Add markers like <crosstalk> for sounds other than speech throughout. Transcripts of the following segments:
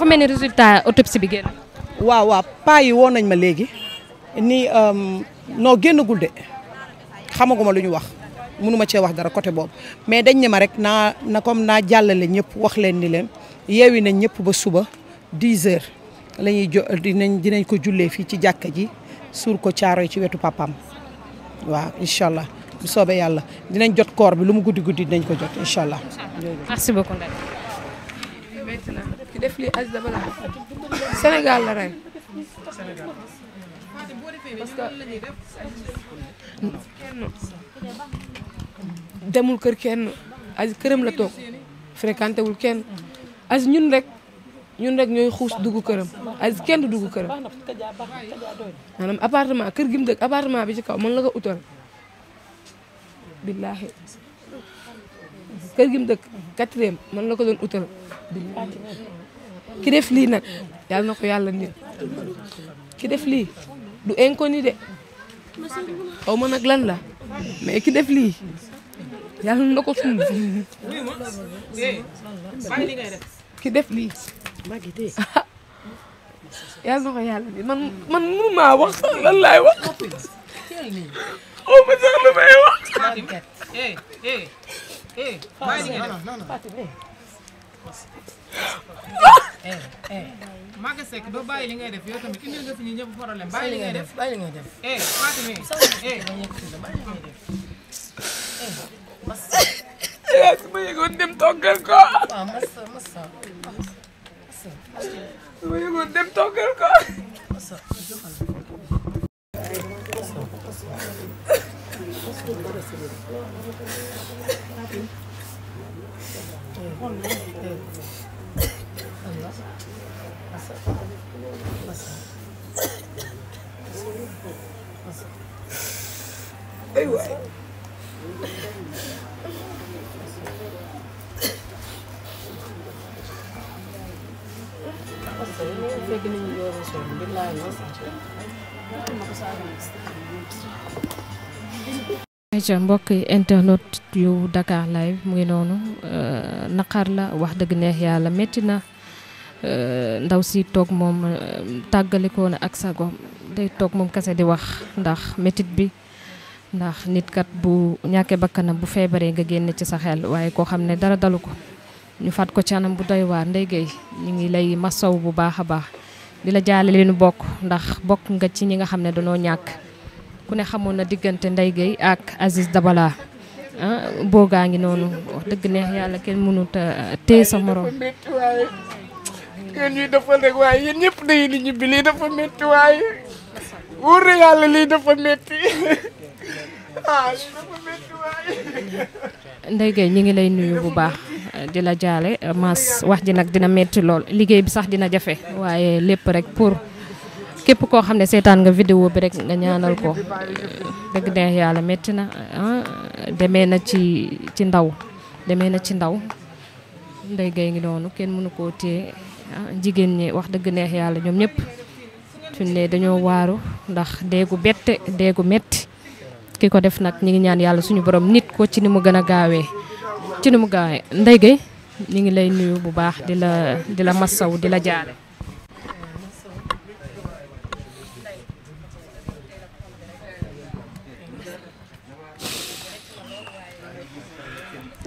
dafa mel ni résultat bi génn. waaw waaw paa yi woo nañ ma léegi ni euh, noo génnagul de xamaguma lu ñu wax mënuma cee wax dara côté boobu mais dañ ne rek naa na comme naa jàllale ñëpp wax leen ni leen yeewi nañ ñëpp ba suba 10 heures la ñuy jo dinañ dinañ ko jullee fii ci jàkka ji suur ko caaro yi ci wetu papam waaw incha allah soobee yàlla dinañ jot koor bi lu mu guddi guddi dinañ ko jot incha allah. def lii Aziz Dabala la rey parce que kenn demul kër kenn Aziz këram la toog fréquenté wul kenn Aziz ñun rek ñun rek ñooy xuus dugg këram Aziz kenn du dugg këram maanaam appartement kër gi mu dëkk appartement bi ci kaw mën la ko utal billaahi kër gi mu dëkk quatrième mën la ko doon utal ki def lii nag yàlla na ko yàlla nit ki def lii du inconnu de xaw ma lan la mais ki def lii yàlla na ko sumb ki def lii <laughs> yàlla na ma sax lu may ma Seck doo bàyyi li ngay def yow tamit indil nga fi ñu ñëpp problème bàyyi li ngay def bàyyi li ngay def eh Fatou eh eh, eh su ma yëgoon dem toggal ko waaw ah, massa massa ma yëgoon dem toggal ko massa joxal ay waay fekk nañu loolu la soxla mbir laa yor ayca mbokk internet yu Dakar lay mu ngi noonu euh, naqar la wax dëgg neex yàlla métti na euh, ndaw si toog moom euh, tàggalikoo na ak sagoom day toog moom kese di wax ndax métit bi ndax nit kat bu ñàkkee bakkanam bu feebaree nga génn ci sa xel waaye koo xam ne dara dalu ko ñu faat ko ci anam bu doy waar Ndeye Gueye ñu ngi lay masaw bu baax baax di la jaale leen bokk ndax bokk nga ci ñi nga xam ne danoo ñàkk. ku ne xamoon na diggante Ndeye Gueye ak Aziz Dabala ah, gaa ngi noonu wax dëgg neex yàlla kenn mënut a uh, téye sa morom. yéen ñuy defal rek waaye yéen ñëpp dañuy di ñibbi lii dafa métti waaye wóor na yàlla lii dafa métti <laughs> ah lii dafa ñu ngi lay nuyu bu baax di la jaale Mass wax ji nag dina métti lool liggéey bi sax dina jafe waaye lépp rek pour. képp koo xam ne seetaan nga vidéo bi rek nga ñaanal ko dëgg neex yàlla métti na ah, demee na ci ci ndaw demee na ci ndaw ndey gay ngi noonu kenn mënu koo téye ah, jigéen ñi wax dëgg neex yàlla ñoom ñëpp fi ne dañoo waaru ndax déegu bette déegu metti ki ko def nag ñi ngi ñaan yàlla suñu borom nit ko ci ni mu gën a gaawee ci ni mu gaawee ndey gay ñu ngi lay nuyu bu baax di la di la massaw di la jaare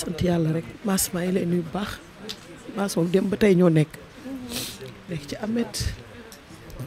sant yàlla rek maas maa ngi lay bu baax maas moom dem ba tey ñoo nekk nekk ci amet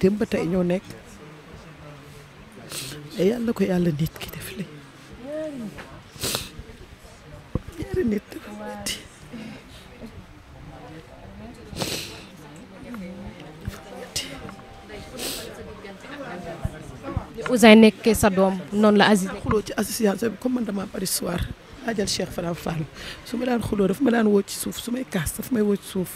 dem ba tey ñoo nekk mais yàlla ko yàlla nit ki def li ñaari nit Ouzin nekkee sa doom noonu la Aziz. xuloo ci association bi comme man damaa bari soir laa jël Cheikh Fara Fall su ma daan xuloo dafa ma daan woo ci suuf su may kaas daf may woo ci suuf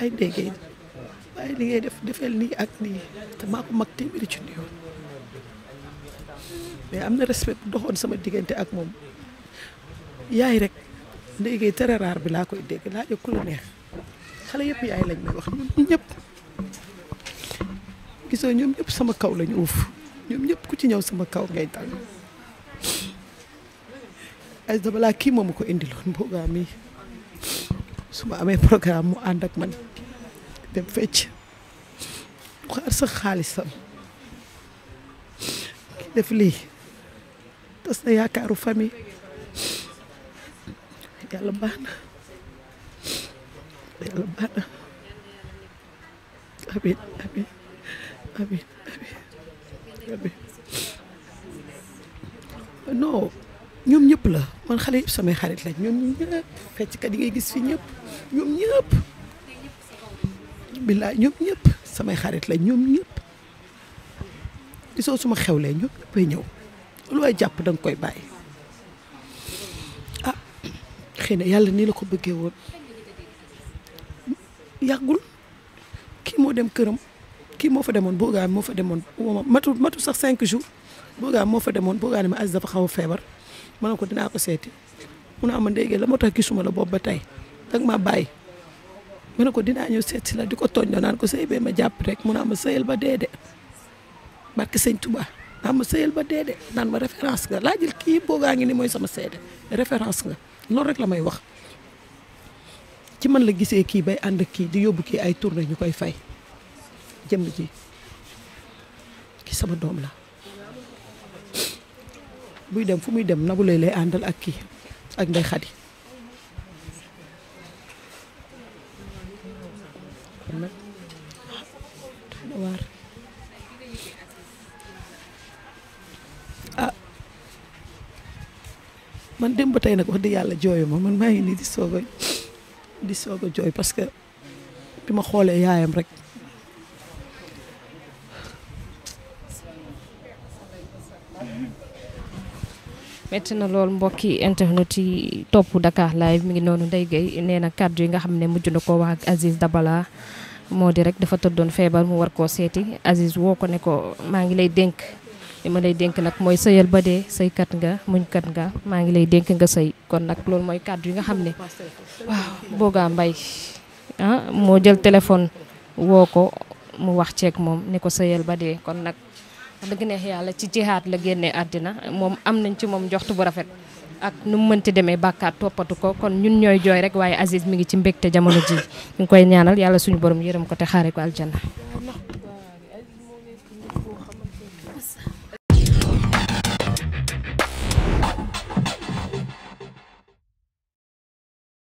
ay déggee waaye li ngay def defeel nii ak nii te maa ko mag téeméeri ci nuyoon mais am na respect bu doxoon sama diggante ak moom yaay rek ndéggee te raar bi laa koy dégg laa jëkk ku neex xale yëpp yaay lañ may wax ñun ñëpp. gisoo ñoom ñëpp sama kaw lañu uuf ñoom ñëpp ku ci ñëw sama kaw ngay dal Aziz Dabala kii moom ko indiloon boogaa su ma amee programme mu ànd ak man dem fecc xaar sa xaalisam kii def lii tas na yaakaaru famille yàlla baax na yàlla baax na abi ñoom ñëpp la man xale yëpp samay xarit lañ ñoom ñëpp fecckat yi ngay gis fi ñëpp ñoom ñëpp billaay ñoom ñëpp samay xarit lañ ñoom ñëpp gisoo suma xewlee ñoom ñëppay ñëw lu waay jàpp danga koy bàyyi ah xëy na yàlla nii la ko bëggee woon yàggul kii moo dem këram kii moo fa demoon boogaam moo fa demoon matu matu sax 5 jours boogaa moo fa demoon boogaa ne ma Aziz dafa xaw a feebar ma ne ko dinaa ko seeti mun a ma ndéggee la moo tax gisuma la boobu ba tey dag maa bàyyi ma ne ko dinaa ñëw seet la di ko tooñ naan ko sëy ma jàpp rek mun a ma sëyal ba dee de barke sëñ Touba naa ma sëyal ba dee de naan ma référence nga laajal kii boogaa ngi ni mooy sama seede référence nga loolu rek la may wax ci man la gisee kii bay ànd kii di yóbbu kii ay tournée ñu koy fay jëmm ji ki sama doom la buy dem fu muy dem Nabou Leye lay àndal ak kii ak Ndeye Khady ah, man dem ba tey nag wax dëgg yàlla jooyu ma man maa ngi nii di soog a di soog a jooy parce que bi ma xoolee yaayam rek metti na lool mbokki internet yi topp dakaar live mi ngi noonu Ndeye Gueye nee na kàddu yi nga xam ne mujj na ko wax ak Aziz Dabala moo di rek dafa tëddoon feebar mu war koo seeti Aziz woo ko ne ko maa ngi lay dénk li ma lay dénk nag mooy sëyal ba dee sëykat nga muñkat nga maa ngi lay dénk nga sëy kon nag loolu mooy kàddu yi nga xam ne waaw boogaa mbay ah moo jël téléphone woo ko mu wax ceek moom ne ko sëyal ba de kon nag dëgg neex yàlla ci jihaat la génnee àddina moom am nañ ci moom njoxtu bu rafet ak nu mu mënti demee bàkkaat toppatu ko kon ñun ñooy jooy rek waaye Aziz mi ngi ci mbégte jamono ji ñu ngi koy ñaanal yàlla suñu borom yërëm ko te xaare ko aljanna